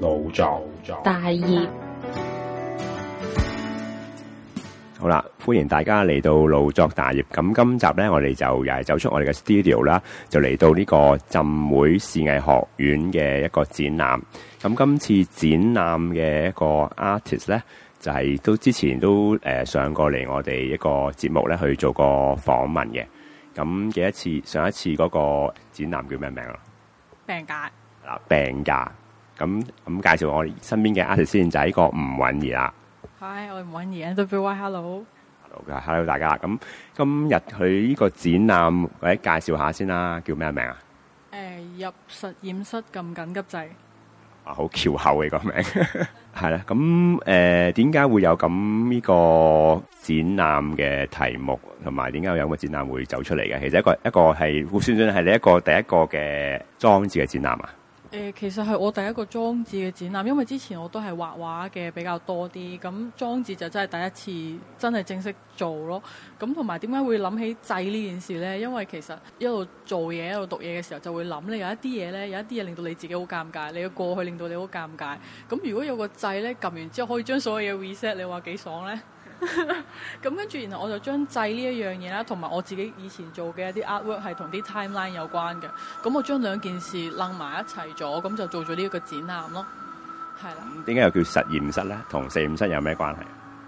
腦作，作大業，好啦！歡迎大家嚟到腦作大業。咁今集呢，我哋就又係走出我哋嘅 studio 啦，就嚟到呢個浸會視藝學院嘅一個展覽。咁今次展覽嘅一個 artist 呢，就係、是、都之前都誒、呃、上過嚟我哋一個節目呢去做過訪問嘅。咁幾次上一次嗰個展覽叫咩名啊？病假病假。咁咁介紹我身邊嘅 artist 先，就係呢個吳韻怡啦。Hi，我吳韻怡，WY，hello。Hello，hello 大家。咁今日佢呢個展覽，或者，介紹下先啦，叫咩名啊？誒，入實驗室咁緊急掣。啊，好翹口嘅個名，係啦。咁誒，點解會有咁呢個展覽嘅題目，同埋點解有個展覽會走出嚟嘅？其實一個一個係算算係你一個第一個嘅裝置嘅展覽啊？誒，其實係我第一個裝置嘅展覽，因為之前我都係畫畫嘅比較多啲，咁裝置就真係第一次真係正式做咯。咁同埋點解會諗起掣呢件事呢？因為其實一路做嘢一路讀嘢嘅時候，就會諗你有一啲嘢呢，有一啲嘢令到你自己好尷尬，你嘅過去令到你好尷尬。咁如果有個掣呢，撳完之後可以將所有嘢 reset，你話幾爽呢？咁 跟住，然後我就將製呢一樣嘢啦，同埋我自己以前做嘅一啲 artwork 係同啲 timeline 有關嘅。咁我將兩件事攬埋一齊咗，咁就做咗呢一個展覽咯。係啦。點解又叫實驗室咧？同實驗室有咩關係？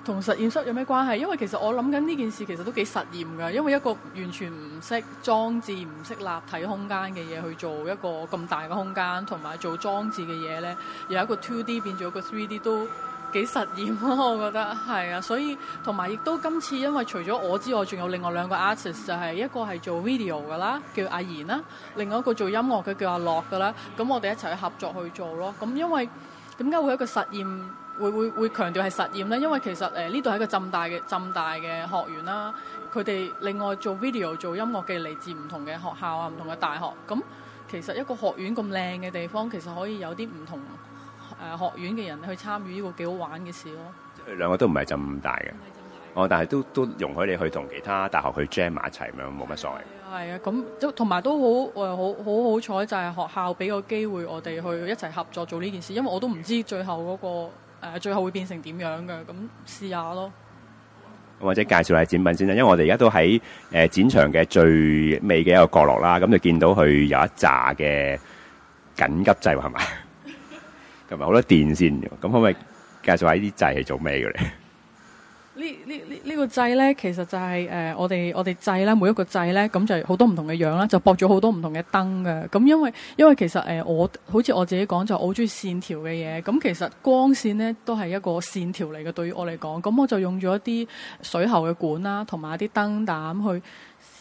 同實驗室有咩關係？因為其實我諗緊呢件事其實都幾實驗㗎。因為一個完全唔識裝置、唔識立體空間嘅嘢去做一個咁大嘅空間，同埋做裝置嘅嘢咧，由一個 two D 變咗個 three D 都。幾實驗咯，我覺得係啊，所以同埋亦都今次因為除咗我之外，仲有另外兩個 artist，就係一個係做 video 噶啦，叫阿賢啦，另外一個做音樂嘅叫阿樂噶啦。咁我哋一齊去合作去做咯。咁因為點解會有一個實驗，會會會強調係實驗呢？因為其實誒呢度係一個浸大嘅浸大嘅學院啦。佢哋另外做 video、做音樂嘅嚟自唔同嘅學校啊，唔同嘅大學。咁其實一個學院咁靚嘅地方，其實可以有啲唔同。誒學院嘅人去參與呢個幾好玩嘅事咯。兩個都唔係咁大嘅，哦，但係都都容許你去同其他大學去 Jam 埋一齊咁樣，冇乜所謂。係啊，咁都同埋都好誒，好好好彩就係學校俾個機會我哋去一齊合作做呢件事，因為我都唔知最後嗰個誒最後會變成點樣嘅，咁試下咯。或者介紹下展品先啦，因為我哋而家都喺誒展場嘅最尾嘅一個角落啦，咁就見到佢有一紮嘅緊急掣係咪？同埋好多電線，咁可唔可以介紹下、這個、呢啲掣係做咩嘅咧？呢呢呢呢個掣咧，其實就係、是、誒、呃，我哋我哋掣咧，每一個掣咧，咁就好多唔同嘅樣啦，就駁咗好多唔同嘅燈嘅。咁、嗯、因為因為其實誒、呃，我好似我自己講，就好中意線條嘅嘢。咁、嗯、其實光線咧，都係一個線條嚟嘅。對於我嚟講，咁、嗯、我就用咗一啲水喉嘅管啦，同埋一啲燈膽去。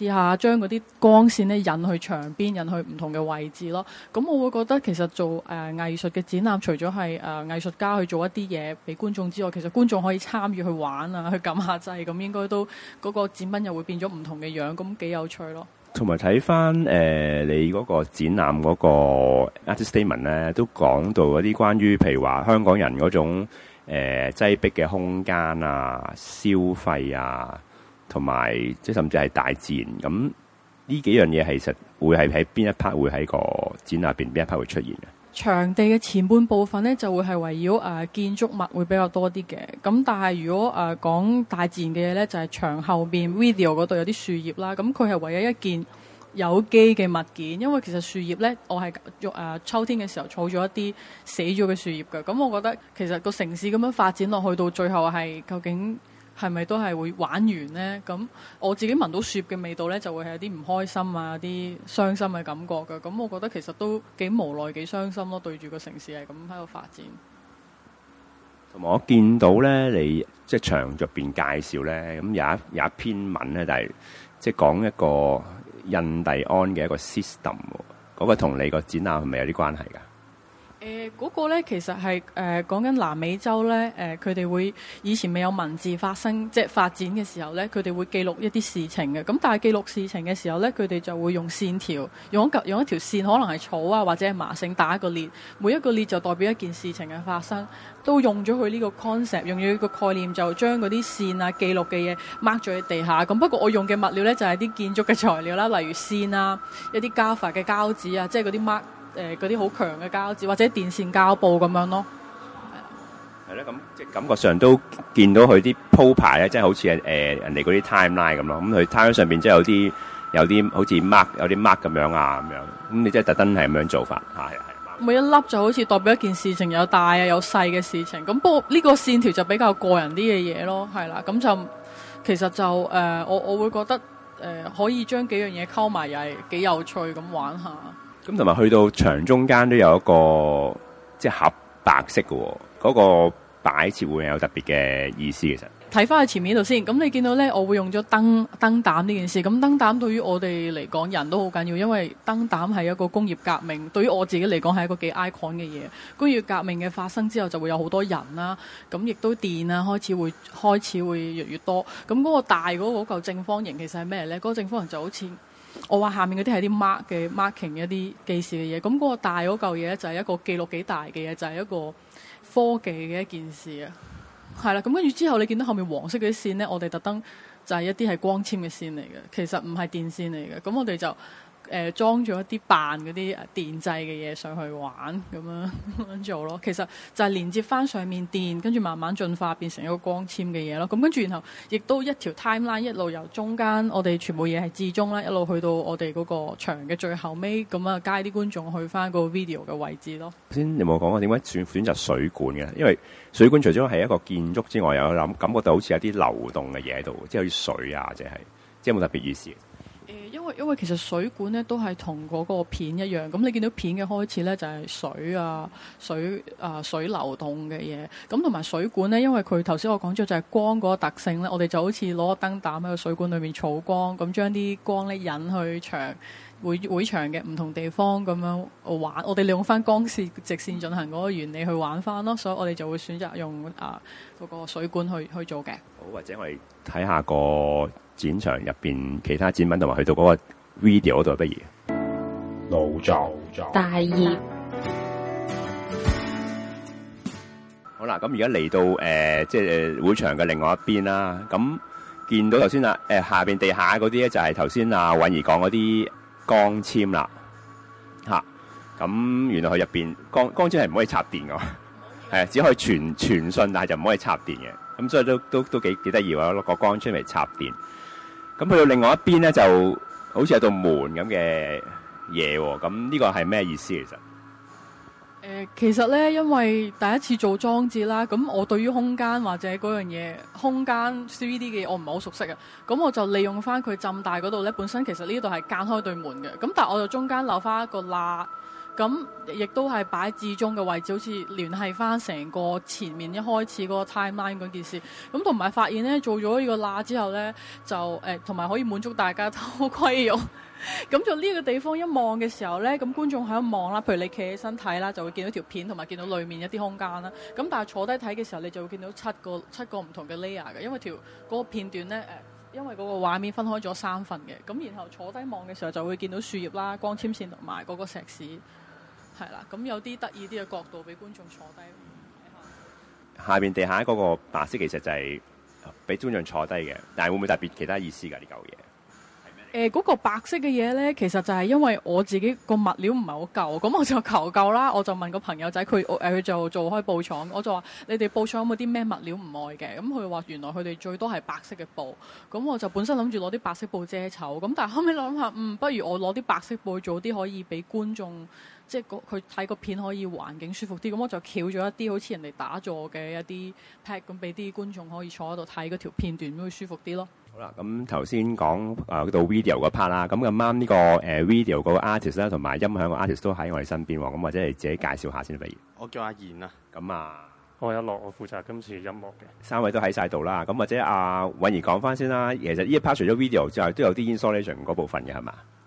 試下將嗰啲光線咧引去牆邊，引去唔同嘅位置咯。咁我會覺得其實做誒、呃、藝術嘅展覽，除咗係誒藝術家去做一啲嘢俾觀眾之外，其實觀眾可以參與去玩啊，去撳下掣，咁應該都嗰、那個展品又會變咗唔同嘅樣，咁幾有趣咯。同埋睇翻誒你嗰個展覽嗰個 art statement 咧，都講到嗰啲關於譬如話香港人嗰種誒、呃、擠迫嘅空間啊、消費啊。同埋即係甚至係大自然咁呢幾樣嘢，其實會係喺邊一 part 會喺個展下邊邊一 part 會出現嘅。場地嘅前半部分咧，就會係圍繞誒建築物會比較多啲嘅。咁但係如果誒講、呃、大自然嘅嘢咧，就係、是、牆後邊 video 嗰度有啲樹葉啦。咁佢係唯一一件有機嘅物件，因為其實樹葉咧，我係誒、呃、秋天嘅時候儲咗一啲死咗嘅樹葉嘅。咁我覺得其實個城市咁樣發展落去到最後係究竟。係咪都係會玩完呢？咁我自己聞到雪嘅味道呢，就會係有啲唔開心啊，有啲傷心嘅感覺嘅。咁我覺得其實都幾無奈，幾傷心咯、啊。對住個城市係咁喺度發展，同埋我見到呢，你即係長着邊介紹呢，咁有，有一篇文呢，就係即係講一個印第安嘅一個 system 嗰個同你個展覽係咪有啲關係噶？誒、呃、嗰、那個呢，其實係誒、呃、講緊南美洲呢。誒佢哋會以前未有文字發生，即係發展嘅時候呢，佢哋會記錄一啲事情嘅。咁但係記錄事情嘅時候呢，佢哋就會用線條，用一用一條線，可能係草啊或者係麻繩打一個裂，每一個裂就代表一件事情嘅發生。都用咗佢呢個 concept，用咗呢個概念就將嗰啲線啊記錄嘅嘢 mark 咗喺地下。咁不過我用嘅物料呢，就係、是、啲建築嘅材料啦，例如線啊、一啲加法嘅膠紙啊，即係嗰啲 mark。誒嗰啲好強嘅膠紙，或者電線膠布咁樣咯，係啦。係咯，咁即係感覺上都見到佢啲鋪排咧，即係好似係誒人哋嗰啲 timeline 咁咯。咁佢 timeline 上邊即係有啲有啲好似 mark 有啲 mark 咁樣啊，咁樣。咁你即係特登係咁樣做法嚇。每一粒就好似代表一件事情，有大啊，有細嘅事情。咁不過呢個線條就比較個人啲嘅嘢咯，係啦。咁就其實就，誒我我會覺得誒可以將幾樣嘢溝埋又係幾有趣咁玩下。咁同埋去到牆中間都有一個即係盒白色嘅嗰個擺設，會有特別嘅意思。其實睇翻去前面呢度先，咁你見到咧，我會用咗燈燈膽呢件事。咁燈膽對於我哋嚟講人都好緊要，因為燈膽係一個工業革命，對於我自己嚟講係一個幾 icon 嘅嘢。工業革命嘅發生之後就會有好多人啦，咁亦都電啊開始會開始會越越多。咁嗰個大嗰嚿正方形其實係咩咧？嗰個正方形就好似我話下面嗰啲係啲 mark 嘅 marking 一啲記事嘅嘢，咁、那、嗰個大嗰嚿嘢就係一個記錄幾大嘅嘢，就係、是、一個科技嘅一件事啊，係啦，咁跟住之後你見到後面黃色嗰啲線咧，我哋特登就係一啲係光纖嘅線嚟嘅，其實唔係電線嚟嘅，咁我哋就。誒、呃、裝咗一啲扮嗰啲電掣嘅嘢上去玩咁樣做咯，其實就係連接翻上，上面電，跟住慢慢進化變成一個光纖嘅嘢咯。咁跟住然後亦都一條 timeline 一路由中間我哋全部嘢係至終咧一路去到我哋嗰個場嘅最後尾，咁啊，街啲觀眾去翻個 video 嘅位置咯。先有冇講過？點解選選擇水管嘅？因為水管除咗係一個建築之外，有諗感覺到好似有啲流動嘅嘢喺度，即係有啲水啊，即係即係冇特別意思。因為因為其實水管咧都係同嗰個片一樣，咁你見到片嘅開始咧就係水啊、水啊、水流動嘅嘢，咁同埋水管咧，因為佢頭先我講咗就係光嗰個特性咧，我哋就好似攞個燈膽喺個水管裏面儲光，咁將啲光咧引去牆。會會場嘅唔同地方咁樣玩，我哋利用翻光線直線進行嗰個原理去玩翻咯，所以我哋就會選擇用啊嗰個水管去去做嘅。好，或者我哋睇下個展場入面其他展品，同埋去到嗰個 video 嗰度不如腦作大業好啦。咁而家嚟到誒，即係會場嘅另外一邊啦。咁見到頭先啊，下面地下嗰啲咧，就係頭先阿韻怡講嗰啲。光纖啦，吓、啊、咁原來佢入邊光光纖係唔可以插電嘅，係只可以傳傳信，但係就唔可以插電嘅，咁所以都都都幾幾得意喎，攞、那個光纖嚟插電。咁去到另外一邊咧，就好似有道門咁嘅嘢，咁呢個係咩意思其實？呃、其實呢，因為第一次做裝置啦，咁我對於空間或者嗰樣嘢空間 3D 嘅嘢，我唔係好熟悉嘅，咁我就利用翻佢浸大嗰度呢，本身其實呢度係間開對門嘅，咁但係我就中間留翻一個罅。咁亦都係擺至中嘅位置，好似聯繫翻成個前面一開始嗰個 timeline 嗰件事。咁同埋發現咧，做咗呢個罅之後咧，就同埋、呃、可以滿足大家偷窺慾。咁 就呢個地方一望嘅時候咧，咁觀眾喺度望啦，譬如你企起身睇啦，就會見到條片同埋見到裏面一啲空間啦。咁但係坐低睇嘅時候，你就會見到七個七個唔同嘅 layer 嘅，因為條嗰、嗰個片段咧、誒因為嗰個畫面分開咗三份嘅。咁然後坐低望嘅時候，就會見到樹葉啦、光纖線同埋嗰個石屎。係啦，咁有啲得意啲嘅角度俾觀眾坐低睇下。下面地下嗰個白色其實就係俾觀眾坐低嘅，但係會唔會特別其他意思㗎？呢嚿嘢誒，嗰個白色嘅嘢咧，其實就係因為我自己個物料唔係好夠，咁我就求救啦。我就問個朋友仔，佢、誒佢就做開布廠，我就話你哋布廠有冇啲咩物料唔愛嘅？咁佢話原來佢哋最多係白色嘅布，咁我就本身諗住攞啲白色布遮醜，咁但係後尾諗下，嗯，不如我攞啲白色布，做啲可以俾觀眾。即係佢睇個片可以環境舒服啲，咁我就翹咗一啲好似人哋打坐嘅一啲 pad 咁，俾啲觀眾可以坐喺度睇嗰條片段會舒服啲咯。好啦，咁頭先講誒到 video 個 part 啦，咁咁啱呢個誒 video 個 artist 啦，同埋音響個 artist 都喺我哋身邊喎，咁、啊、或者你自己介紹一下先不如。我叫阿賢啊。咁啊，我係阿樂，我負責今次音樂嘅。三位都喺晒度啦，咁或者阿韻、啊、怡講翻先啦。其實呢一 part 除咗 video 之外，都有啲 installation 嗰部分嘅係嘛？是。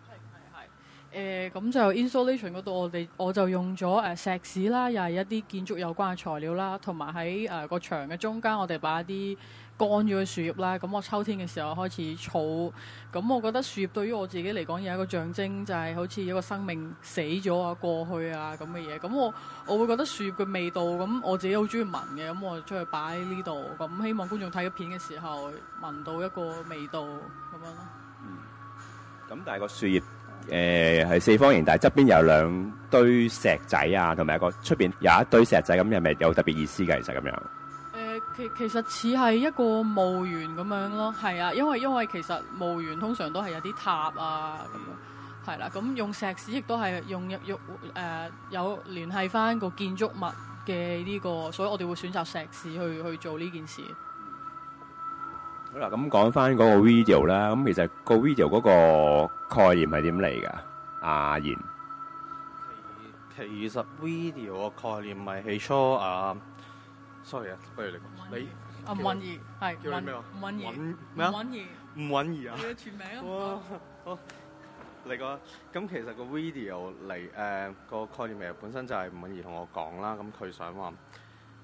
誒、欸、咁就 installation 嗰度，我哋我就用咗誒、呃、石屎啦，又係一啲建築有關嘅材料啦，同埋喺誒個牆嘅中間，我哋擺一啲乾咗嘅樹葉啦。咁我秋天嘅時候開始儲，咁我覺得樹葉對於我自己嚟講有一個象徵，就係好似一個生命死咗啊、過去啊咁嘅嘢。咁我我會覺得樹葉嘅味道，咁我自己好中意聞嘅，咁我就出去擺喺呢度。咁希望觀眾睇咗片嘅時候聞到一個味道咁樣咯。咁、嗯、但係個樹葉。誒、呃，係四方形，但係側邊有兩堆石仔啊，同埋一個出邊有一堆石仔，咁係咪有特別意思嘅？其實咁樣，誒，其其實似係一個墓園咁樣咯，係啊，因為因為其實墓園通常都係有啲塔啊，咁樣係啦，咁用石屎亦都係用用誒、呃，有聯繫翻個建築物嘅呢、這個，所以我哋會選擇石屎去去做呢件事。好啦，咁講翻嗰個 video 啦，咁其實個 video 嗰個概念係點嚟噶？阿賢，其實 video 個概念咪起初啊，sorry 啊，不如你講，你阿韻怡係叫你咩啊？韻怡咩啊？韻怡吳韻怡啊？你嘅全名啊？好，你講，咁其實個 video 嚟誒個概念咪本身就係吳韻怡同我講啦，咁佢想話。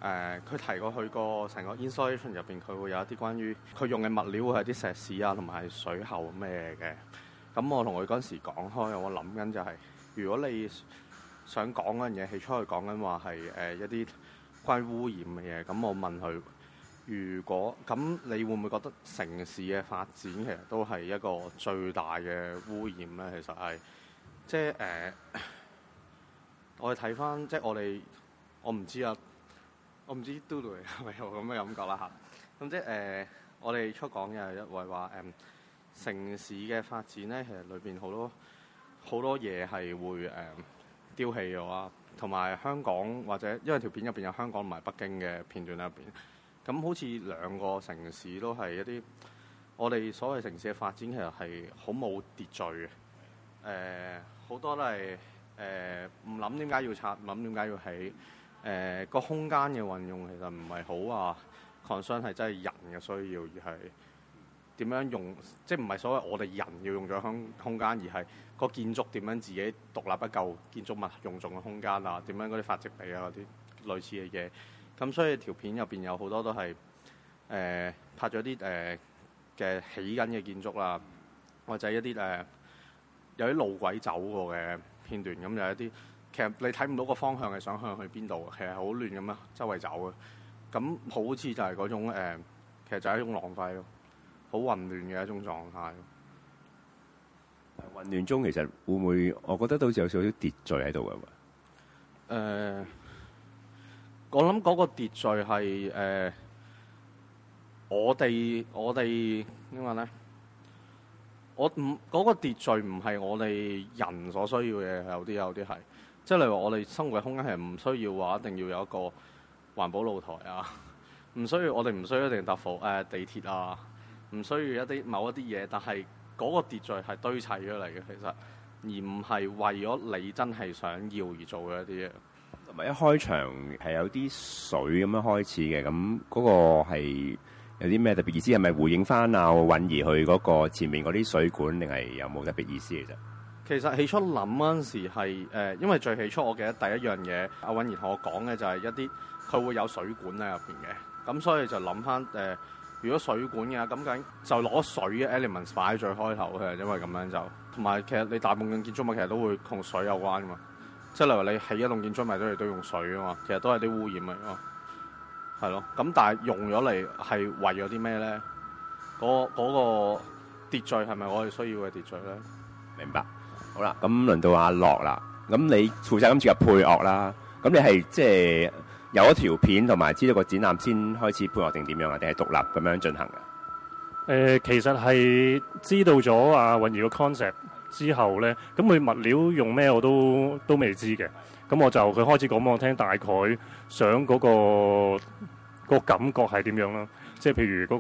誒、呃，佢提過去個成個 installation 入邊，佢會有一啲關於佢用嘅物料會係啲石屎啊，同埋水喉咩嘅。咁我同佢嗰時講開，我諗緊就係、是，如果你想講嗰樣嘢起初去講緊話係誒、呃、一啲關於污染嘅嘢，咁我問佢，如果咁你會唔會覺得城市嘅發展其實都係一個最大嘅污染咧？其實係即係誒、呃，我哋睇翻即係我哋，我唔知啊。我唔知 Dodo 係咪有咁嘅感覺啦嚇。咁即係誒，我哋出港嘅係一位話誒、呃，城市嘅發展咧，其實裏邊好多好多嘢係會誒丟、呃、棄嘅。啊。同埋香港或者因為條片入邊有香港同埋北京嘅片段入邊，咁好似兩個城市都係一啲我哋所謂城市嘅發展其實係好冇秩序嘅。誒、呃，好多都係誒，唔諗點解要拆，唔諗點解要起。誒、呃、個空間嘅運用其實唔係好啊，concern 係真係人嘅需要，而係點樣用，即係唔係所謂我哋人要用咗個空間，而係個建築點樣自己獨立一嚿建築物用盡嘅空間啊？點樣嗰啲發積地啊嗰啲類似嘅嘢？咁所以條片入邊有好多都係誒、呃、拍咗啲誒嘅起緊嘅建築啦，或者一啲誒、呃、有啲路軌走過嘅片段，咁有一啲。其實你睇唔到個方向係想向去邊度，其實很亂走好亂咁啊，周圍走嘅，咁好似就係嗰種誒，其實就係一種浪費咯，好混亂嘅一種狀態。混亂中其實會唔會？我覺得都似有少少秩序喺度嘅。誒、呃，我諗嗰個秩序係誒、呃，我哋我哋點講咧？我唔嗰、嗰個秩序唔係我哋人所需要嘅，有啲有啲係。即係例如我哋生活嘅空間係唔需要話一定要有一個環保露台啊，唔需要我哋唔需要一定搭火誒地鐵啊，唔需要一啲某一啲嘢，但係嗰個秩序係堆砌咗嚟嘅，其實而唔係為咗你真係想要而做嘅一啲嘢。同埋一開場係有啲水咁樣開始嘅，咁嗰個係有啲咩特別意思？係咪回應返啊韻怡去嗰個前面嗰啲水管，定係有冇特別意思嚟啫？其實起初諗嗰陣時係誒，因為最起初我記得第一樣嘢，阿韻怡同我講嘅就係一啲佢會有水管喺入邊嘅，咁所以就諗翻誒，如果水管嘅咁緊就攞水嘅 elements 擺喺最開頭嘅，因為咁樣就同埋其實你大部分建築物其實都會同水有關噶嘛，即係例如你起一棟建築物都係都用水噶嘛，其實都係啲污染嚟咯，係咯，咁但係用咗嚟係為咗啲咩咧？嗰、嗰個秩序係咪我哋需要嘅秩序咧？明白。好啦，咁輪到阿樂啦。咁你負責今次嘅配樂啦。咁你係即係有一條片同埋知道個展覽先開始配樂定點樣啊？定係獨立咁樣進行嘅？誒、呃，其實係知道咗阿韻怡個 concept 之後咧，咁佢物料用咩我都都未知嘅。咁我就佢開始講俾我聽，大概想嗰、那個個感覺係點樣囉。即係譬如嗰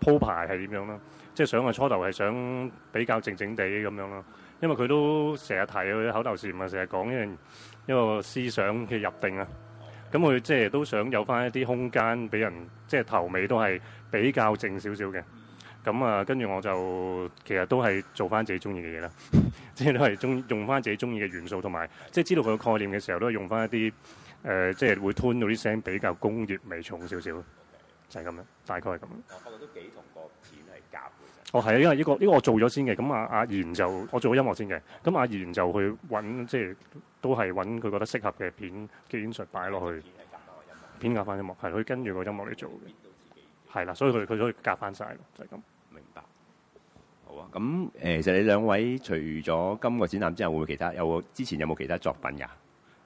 個鋪排係點樣囉。即係想嘅初頭係想比較靜靜地咁樣囉。因為佢都成日提啊，佢口頭禪啊，成日講因為一個思想嘅入定啊，咁佢即係都想有翻一啲空間俾人，即係頭尾都係比較靜少少嘅。咁，嗯，啊，跟住我就其實都係做翻自己中意嘅嘢啦， 即係都係中用翻自己中意嘅元素，同埋即係知道佢嘅概念嘅時候，都係用翻一啲誒，即係會吞到啲聲比較工業味重少少，okay. 就係咁啦，大概係咁。哦，係啊，因為呢個呢、呢個我做咗先嘅，咁阿阿言就我做咗音樂先嘅，咁阿言就去揾，即係都係揾佢覺得適合嘅片技術擺落去，片夾翻音樂，係佢跟住個音樂嚟做嘅，係啦，所以佢佢可以夾翻晒。咯，就係、是、咁。明白，好啊。咁誒、呃，其實你兩位除咗今個展覽之後，會唔會其他有之前有冇其他作品㗎？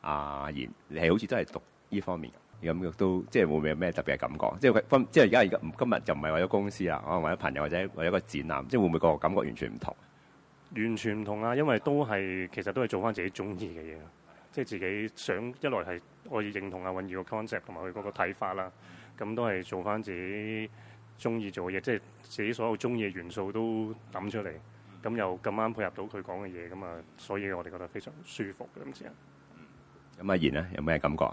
阿、啊、言，你係好似都係讀呢方面。咁亦都即係會唔會有咩特別嘅感覺？即係分，即係而家而家今日就唔係為咗公司啊，我為咗朋友或者為咗個展覽，即係會唔會個感覺完全唔同？完全唔同啊！因為都係其實都係做翻自己中意嘅嘢，即係自己想一來係可以認同阿韻怡嘅 concept 同埋佢嗰個睇法啦，咁都係做翻自己中意做嘅嘢，即係自己所有中意嘅元素都揼出嚟，咁又咁啱配合到佢講嘅嘢，咁啊，所以我哋覺得非常舒服嘅咁先。咁阿賢咧，有咩感覺？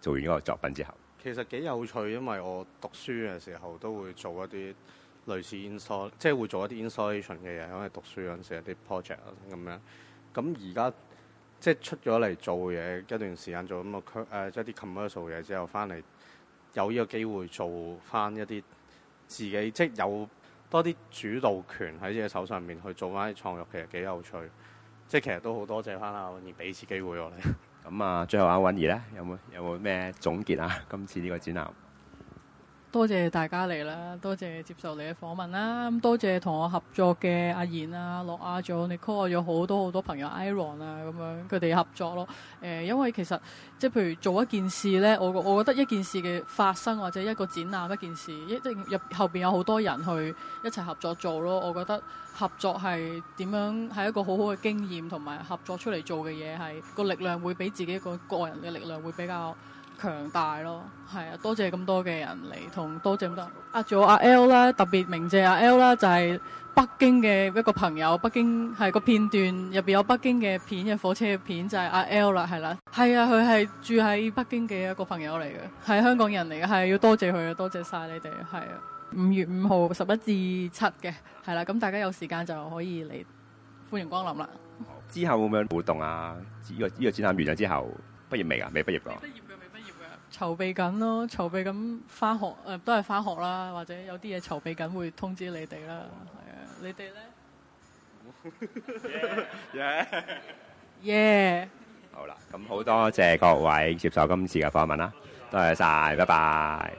做完嗰個作品之後，其實幾有趣，因為我讀書嘅時候都會做一啲類似 ins 即係會做一啲 installation 嘅嘢。喺讀書嗰陣時候，一啲 project 咁樣。咁而家即係出咗嚟做嘢一段時間做，做咁嘅 c 即係啲 commercial 嘢之後回來，翻嚟有呢個機會做翻一啲自己，即係有多啲主導權喺自己手上面去做翻啲創作，其實幾有趣。即係其實都好多謝翻阿韻怡，俾次機會我哋。 咁啊，最後阿韻怡咧，有冇有冇咩總結啊？今次呢個展覽。多謝大家嚟啦，多謝接受你嘅訪問啦，咁多謝同我合作嘅阿燕啊、落阿祖，你 call 咗好多好多朋友 Iron 啊，咁樣佢哋合作咯。誒，因為其實即係譬如做一件事咧，我我覺得一件事嘅發生或者一個展覽，一件事一即係入後面有好多人去一齊合作做咯。我覺得合作係點樣係一個好好嘅經驗，同埋合作出嚟做嘅嘢係個力量會比自己個個人嘅力量會比較。強大咯，係啊！多謝咁多嘅人嚟，同多謝咁多。阿住阿 L 啦，特別鳴謝阿 L 啦，就係、是、北京嘅一個朋友。北京係個片段入邊有北京嘅片嘅火車嘅片，就係、是、阿 L 啦，係啦。係啊，佢係、啊、住喺北京嘅一個朋友嚟嘅，係香港人嚟嘅，係、啊、要多謝佢啊，多謝晒你哋。係啊，五月五號十一至七嘅，係啦、啊，咁大家有時間就可以嚟，歡迎光臨啦。之後會唔會有活動啊？呢、這個呢個展覽完咗之後不業了畢業未啊？未畢業個。籌備緊咯，籌備緊返學，誒、呃、都係返學啦，或者有啲嘢籌備緊會通知你哋啦。係啊，你哋咧。Yeah.、Yeah.！e、Yeah. Yeah. Yeah. 好啦，咁好多謝各位接受今次嘅訪問啦，多謝晒，拜拜。